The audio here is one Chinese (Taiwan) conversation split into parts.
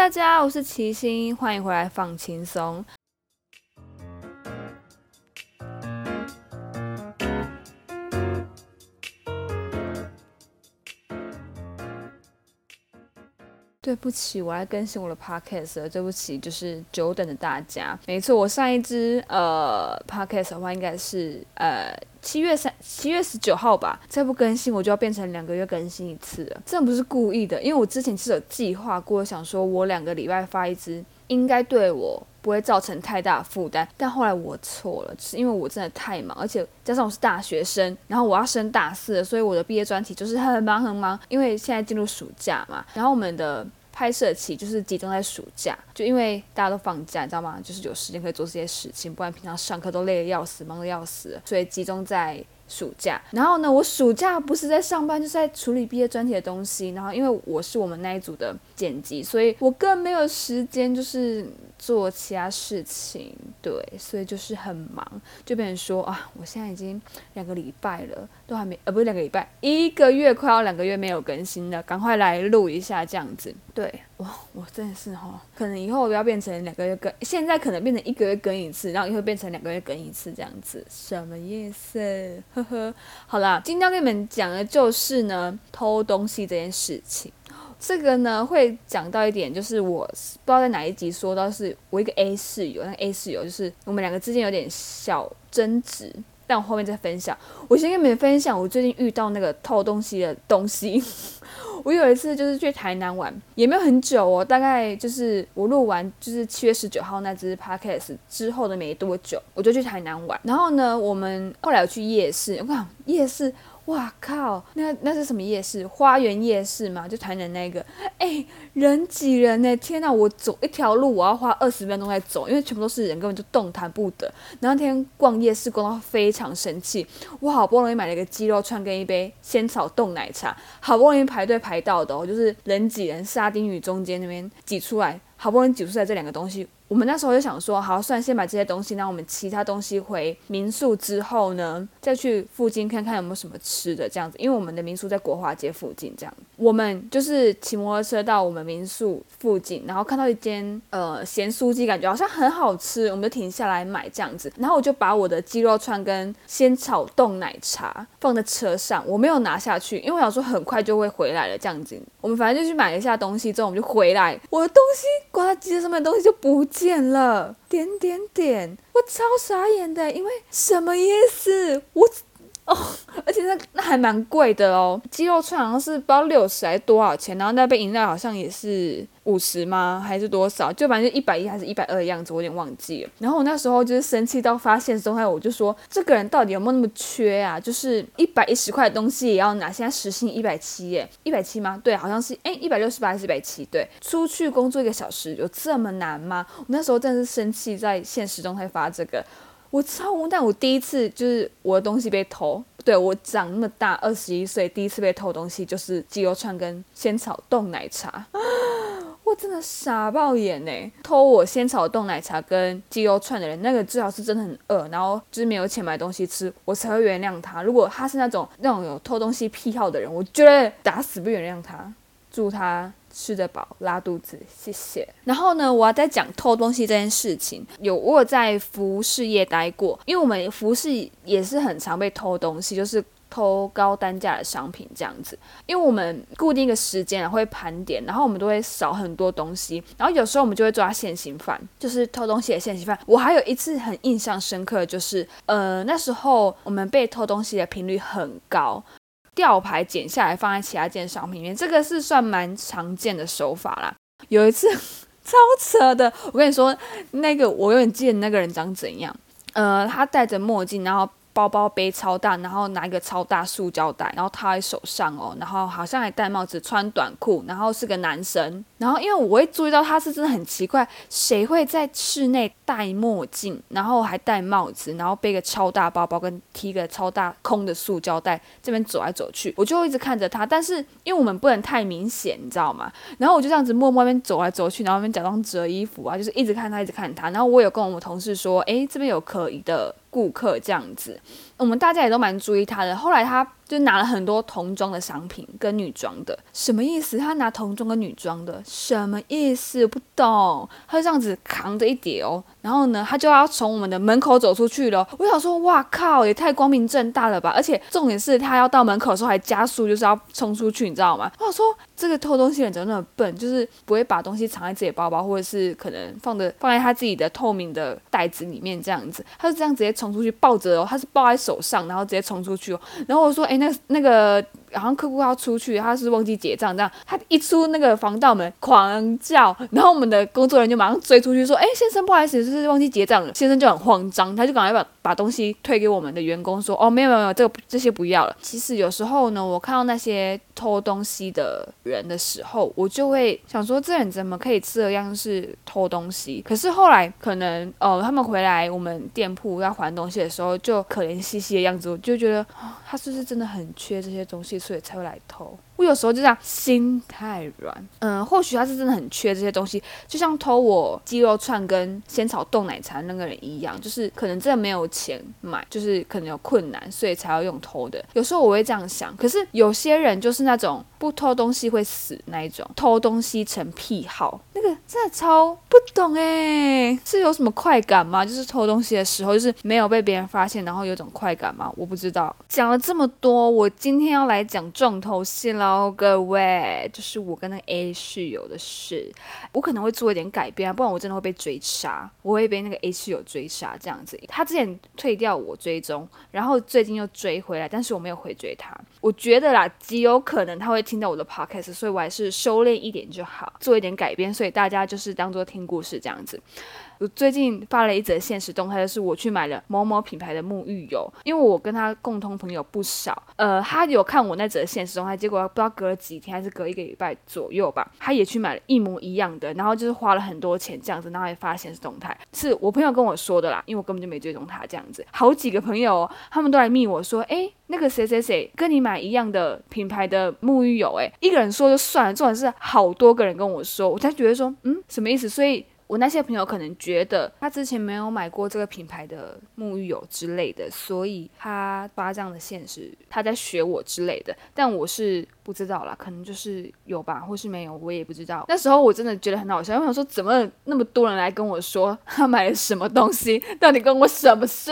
大家，我是齊心，歡迎回來放輕鬆。對不起，我來更新我的 podcast 了。對不起，就是久等的大家。沒錯，我上一支呃 podcast 的話，應該是呃七月三七月十九號吧。再不更新，我就要變成兩個月更新一次了。真的不是故意的，因為我之前是有計劃過，想說我兩個禮拜發一支，應該對我不會造成太大的負擔。但後來我錯了，就是因為我真的太忙，而且加上我是大學生，然後我要升大四了，所以我的畢業專題就是很忙很忙。因為現在進入暑假嘛，然後我們的。拍攝期就是集中在暑假，就因為大家都放假，你知道嗎？就是有時間可以做這些事情，不然平常上課都累得要死，忙得要死，所以集中在。暑假，然後呢，我暑假不是在上班，就是在處理畢業專題的東西。然後，因為我是我們那一組的剪輯，所以我更沒有時間就是做其他事情。對，所以就是很忙，就變成說啊，我現在已經兩個禮拜了都還沒……呃，不是兩個禮拜，一個月快要兩個月沒有更新了，趕快來錄一下這樣子。對。哇，我真的是哈，可能以後我要變成兩個月更，現在可能變成一個月更一次，然後以後變成兩個月更一次這樣子，什麼意思？呵呵，好啦，今天要跟你們講的就是呢偷東西這件事情，這個呢會講到一點，就是我不知道在哪一集說到，是我一個 A 室友，那個 A 室友就是我們兩個之間有點小爭執。但我後面再分享。我先跟你們分享我最近遇到那個偷東西的東西。 我有一次就是去台南玩，也沒有很久哦，大概就是我錄完就是七月十九號那支 podcast 之後的沒多久，我就去台南玩。然後呢，我們後來有去夜市，我看夜市。哇靠！那那是什麼夜市？花園夜市嘛，就台南那個，誒、欸，人擠人呢、欸！天吶，我走一條路，我要花二十分鐘在走，因為全部都是人，根本就動彈不得。然後那天逛夜市逛到非常生氣，我好不容易買了一個雞肉串跟一杯仙草凍奶茶，好不容易排隊排到的，哦，我就是人擠人，沙丁魚中間那邊擠出來，好不容易擠出來這兩個東西。我們那時候就想說，好，算了先買這些東西。那我們其他東西回民宿之後呢，再去附近看看有沒有什麼吃的，這樣子。因為我們的民宿在國華街附近，這樣子。我們就是騎摩托車到我們民宿附近，然後看到一間呃鹹酥雞，感覺好像很好吃，我們就停下來買這樣子。然後我就把我的雞肉串跟仙草凍奶茶放在車上，我沒有拿下去，因為我想說很快就會回來了，這樣子。我們反正就去買了一下東西之後，我們就回來。我的東西掛在機車上面的東西就不見。點了點點點，我超傻眼的，因為什麼意思？我。哦，而且那那還蠻貴的哦，雞肉串好像是不知道六十還是多少錢，然後那杯飲料好像也是五十嗎？還是多少？就反正一百一還是一百二的樣子，我有點忘記了。然後我那時候就是生氣到發限時動態，我就說，這個人到底有沒有那麼缺啊？就是一百一十塊的東西也要拿，現在時薪一百七耶，一百七嗎？對，好像是哎一百六十八還是一百七？對，出去工作一個小時有這麼難嗎？我那時候真的是生氣，在限時動態才發這個。我超無蛋！我第一次就是我的東西被偷，對，我長那麼大二十一歲，第一次被偷東西就是雞肉串跟仙草凍奶茶，啊、我真的傻爆眼哎！偷我仙草凍奶茶跟雞肉串的人，那個最好是真的很餓，然後就是沒有錢買東西吃，我才會原諒他。如果他是那種那種有偷東西癖好的人，我覺得打死不原諒他，祝他。吃得飽拉肚子，謝謝。然後呢，我要再講偷東西這件事情。有我有在服飾業待過，因為我們服飾也是很常被偷東西，就是偷高單價的商品這樣子。因為我們固定的時間啊會盤點，然後我們都會少很多東西，然後有時候我們就會抓現行犯，就是偷東西的現行犯。我還有一次很印象深刻，就是呃那時候我們被偷東西的頻率很高。吊牌剪下來放在其他件商品裡面，這個是算蠻常見的手法啦。有一次超扯的，我跟你說，那個我永遠記得那個人長怎樣，呃，他戴着墨鏡，然後。包包背超大，然後拿一個超大塑膠袋，然後套在手上哦，然後好像還戴帽子，穿短褲，然後是個男生。然後因為我會注意到他是真的很奇怪，誰會在室內戴墨鏡，然後還戴帽子，然後背個超大包包跟提個超大空的塑膠袋這邊走來走去，我就一直看着他。但是因為我們不能太明顯，你知道嗎？然後我就這樣子默默那邊走來走去，然後那邊假裝折衣服啊，就是一直看他，一直看他。然後我有跟我們同事說，誒，這邊有可疑的。顧客這樣子，我們大家也都蠻注意他的。後來他。就拿了很多童裝的商品跟女裝的，什麼意思？他拿童裝跟女裝的，什麼意思？我不懂。他就這樣子扛着一疊哦，然後呢，他就要從我們的門口走出去了。我想說，哇靠，也太光明正大了吧！而且重點是他要到門口的時候還加速，就是要衝出去，你知道嗎？我想說，這個偷東西的人真的很笨，就是不會把東西藏在自己包包，或者是可能放的放在他自己的透明的袋子裡面這樣子。他就這樣直接衝出去，抱着哦，他是抱在手上，然後直接衝出去哦。然後我就說，哎。那那個。然後客戶要出去，他是忘記結賬，這樣他一出那個防盜門狂叫，然後我們的工作人員就馬上追出去說：“哎，先生，不好意思，就是忘記結賬了。”先生就很慌張，他就趕快把把東西退給我們的員工說：“哦，沒有沒有，這個這些不要了。”其實有時候呢，我看到那些偷東西的人的時候，我就會想說，這人怎麼可以這樣子是偷東西？可是後來可能呃，他們回來我們店鋪要還東西的時候，就可憐兮兮的樣子，我就覺得他是不是真的很缺這些東西？所以才會來偷。我有時候就這樣，心太軟。嗯，或許他是真的很缺這些東西，就像偷我雞肉串跟仙草凍奶茶那個人一樣，就是可能真的沒有錢買，就是可能有困難，所以才要用偷的。有時候我會這樣想，可是有些人就是那種不偷東西會死那一種，偷東西成癖好，那個真的超。懂哎、欸，是有什麼快感嗎？就是偷東西的時候，就是沒有被別人發現，然後有種快感嗎？我不知道。講了這麼多，我今天要來講重頭戲嘍，各位，就是我跟那個 A 室友的事。我可能會做一點改變啊，不然我真的會被追殺，我會被那個 A 室友追殺這樣子。他之前退掉我追蹤，然後最近又追回來，但是我沒有回追他。我覺得啦，極有可能他會聽到我的 podcast，所以我還是收斂一點就好，做一點改變。所以大家就是當做聽故不是這樣子。我最近發了一則限時動態，就是我去買了某某品牌的沐浴油，因為我跟他共同朋友不少，呃，他有看我那則限時動態，結果不知道隔了幾天還是隔一個禮拜左右吧，他也去買了一模一樣的，然後就是花了很多錢這樣子，然後也發限時動態，是我朋友跟我說的啦，因為我根本就沒追蹤他這樣子，好幾個朋友他們都來密我說，誒，那個誰誰誰跟你買一樣的品牌的沐浴油，欸，誒，一個人說就算了，重點是好多個人跟我說，我才覺得說，嗯，什麼意思？所以。我那些朋友可能覺得他之前沒有買過這個品牌的沐浴油之類的，所以他發這樣的限時，他在學我之類的。但我是。不知道啦，可能就是有吧，或是沒有，我也不知道。那時候我真的覺得很好笑，因為我說怎麼那麼多人來跟我說他買了什麼東西，到底跟我什麼事？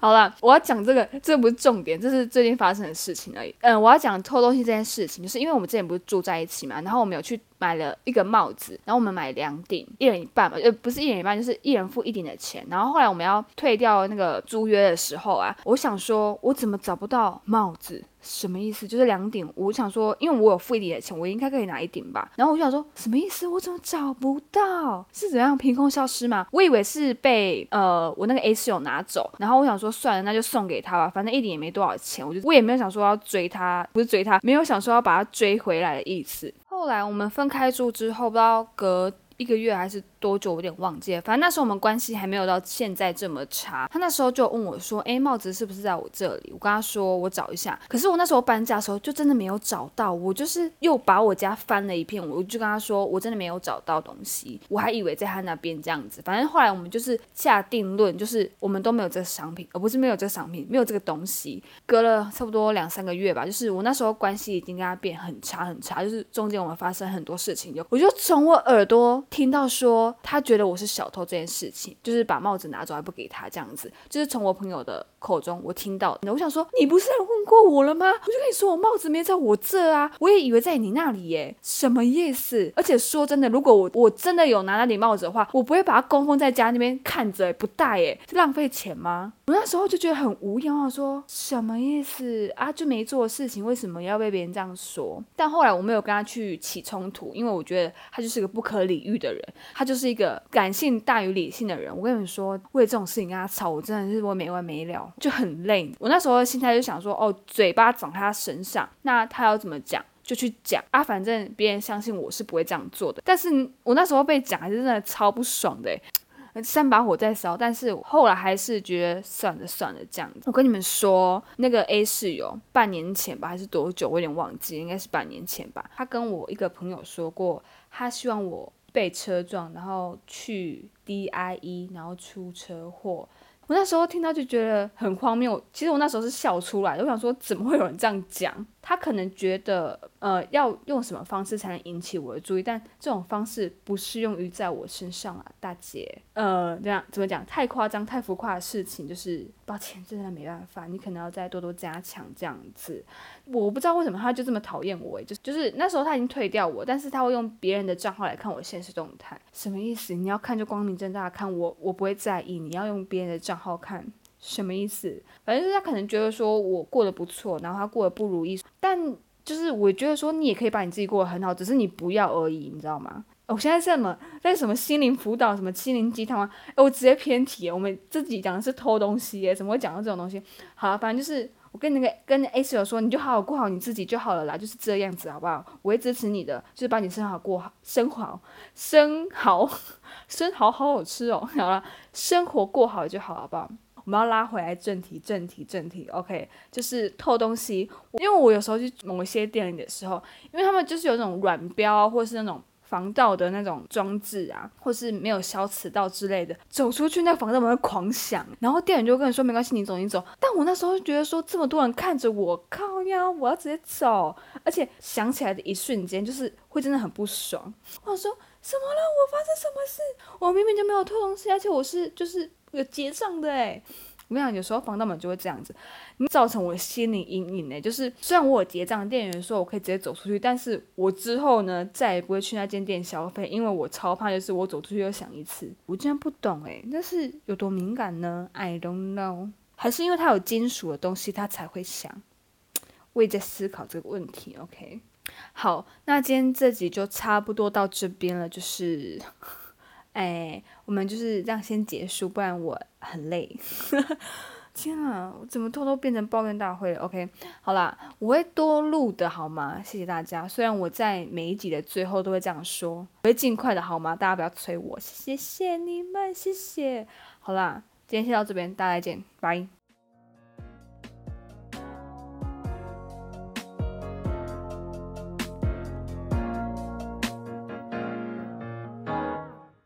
好啦，我要講這個，這不是重點，這是最近發生的事情而已。嗯，我要講偷東西這件事情，就是因為我們之前不是住在一起嘛，然後我們有去買了一個帽子，然後我們買兩頂，一人一半嘛，呃，不是一人一半，就是一人付一頂的錢。然後後來我們要退掉那個租約的時候啊，我想說，我怎麼找不到帽子？什麼意思？就是兩頂。我想說，因為我有付一頂的錢，我應該可以拿一頂吧。然後我就想說，什麼意思？我怎麼找不到？是怎樣憑空消失嗎？我以為是被呃我那個 A 室友拿走。然後我想說，算了，那就送給他吧，反正一頂也沒多少錢。我就我也沒有想說要追他，不是追他，沒有想說要把他追回來的意思。後來我們分開住之後，不知道隔一個月還是。多久？我有點忘記了。反正那時候我們關係還沒有到現在這麼差。他那時候就問我說：“欸，帽子是不是在我這裡？”我跟他說：“我找一下。”可是我那時候搬家的時候就真的沒有找到。我就是又把我家翻了一遍，我就跟他說：“我真的沒有找到東西。”我還以為在他那邊這樣子。反正後來我們就是下定論，就是我們都沒有這個商品，而不是沒有這個商品，沒有這個東西。隔了差不多兩三個月吧，就是我那時候關係已經跟他變很差很差，就是中間我們發生很多事情就。就我就從我耳朵聽到說。他覺得我是小偷這件事情，就是把帽子拿走還不給他這樣子，就是從我朋友的口中我聽到的。我想說，你不是問過我了嗎？我就跟你說，我帽子沒在我這啊，我也以為在你那裡耶，什麼意思？而且說真的，如果我我真的有拿那頂帽子的話，我不會把它供奉在家那邊看着，不戴耶，是浪費錢嗎？我那時候就覺得很無言，我說什麼意思啊？就沒做事情，為什麼要被別人這樣說？但後來我沒有跟他去起衝突，因為我覺得他就是個不可理喻的人，他就是。就是一個感性大於理性的人，我跟你們說，為了這種事情跟他吵，我真的是會沒完沒了，就很累。我那時候的心態就想說，哦，嘴巴長在他身上，那他要怎麼講就去講啊，反正別人相信我是不會這樣做的。但是我那時候被講還是真的超不爽的，三把火在燒。但是後來還是覺得算了算了這樣子。我跟你們說，那個 A 室友半年前吧，還是多久，我有點忘記，應該是半年前吧。他跟我一個朋友說過，他希望我。被車撞，然後去 die，然後出車禍。我那時候聽到就覺得很荒謬，其實我那時候是笑出來的，我想說怎麼會有人這樣講。他可能覺得，呃，要用什麼方式才能引起我的注意？但這種方式不適用於在我身上啊，大姐。呃，這樣、啊？怎麼講？太誇張、太浮誇的事情，就是抱歉，真的沒辦法。你可能要再多多加強這樣子。我不知道為什麼他就這麼討厭我，就是就是那時候他已經退掉我，但是他會用別人的賬號來看我限時動態，什麼意思？你要看就光明正大的看我，我不會在意。你要用別人的賬號看，什麼意思？反正就是他可能覺得說我過得不錯，然後他過得不如意。但就是我覺得說你也可以把你自己過得很好，只是你不要而已，你知道嗎？我、哦、現在在什麼在什麼心靈輔導什麼心靈雞湯啊？誒，我直接偏題。我們這集講的是偷東西，怎麼會講到這種東西？好，反正就是我跟那個跟 A 室友說，你就好好過好你自己就好了啦，就是這樣子好不好？我會支持你的，就是把你生活過好，生蠔生蠔，生蠔好好吃哦。好了，生活過好就好，好不好？我們要拉回來正題，正題，正題。OK，就是偷東西。因為我有時候去某一些店裡的時候，因為他們就是有那種軟標，或是那種防盜的那種裝置啊，或是沒有消磁道之類的，走出去那個防盜門會狂響。然後店員就跟你說：“沒關係，你走你走。”但我那時候就覺得說，這麼多人看着我，靠呀，我要直接走。而且想起來的一瞬間，就是會真的很不爽。我想說什麼了？我發生什麼事？我明明就沒有偷東西，而且我是就是。有結賬的哎，我跟你講，有時候防盜門就會這樣子，造成我心理陰影哎。就是雖然我有結賬，店員說我可以直接走出去，但是我之後呢，再也不會去那間店消費，因為我超怕，就是我走出去又響一次。我竟然不懂哎，但是有多敏感呢？I don't know。還是因為它有金屬的東西，它才會響。我也在思考這個問題。OK，好，那今天這集就差不多到這邊了，就是。哎，我們就是這樣先結束，不然我很累。 天啊，我怎麼偷偷變成抱怨大會了？OK，好啦，我會多錄的好嗎？謝謝大家。雖然我在每一集的最後都會這樣說，我會盡快的好嗎？大家不要催我，謝謝你們，謝謝。好啦，今天先到這邊，大家再見，拜拜。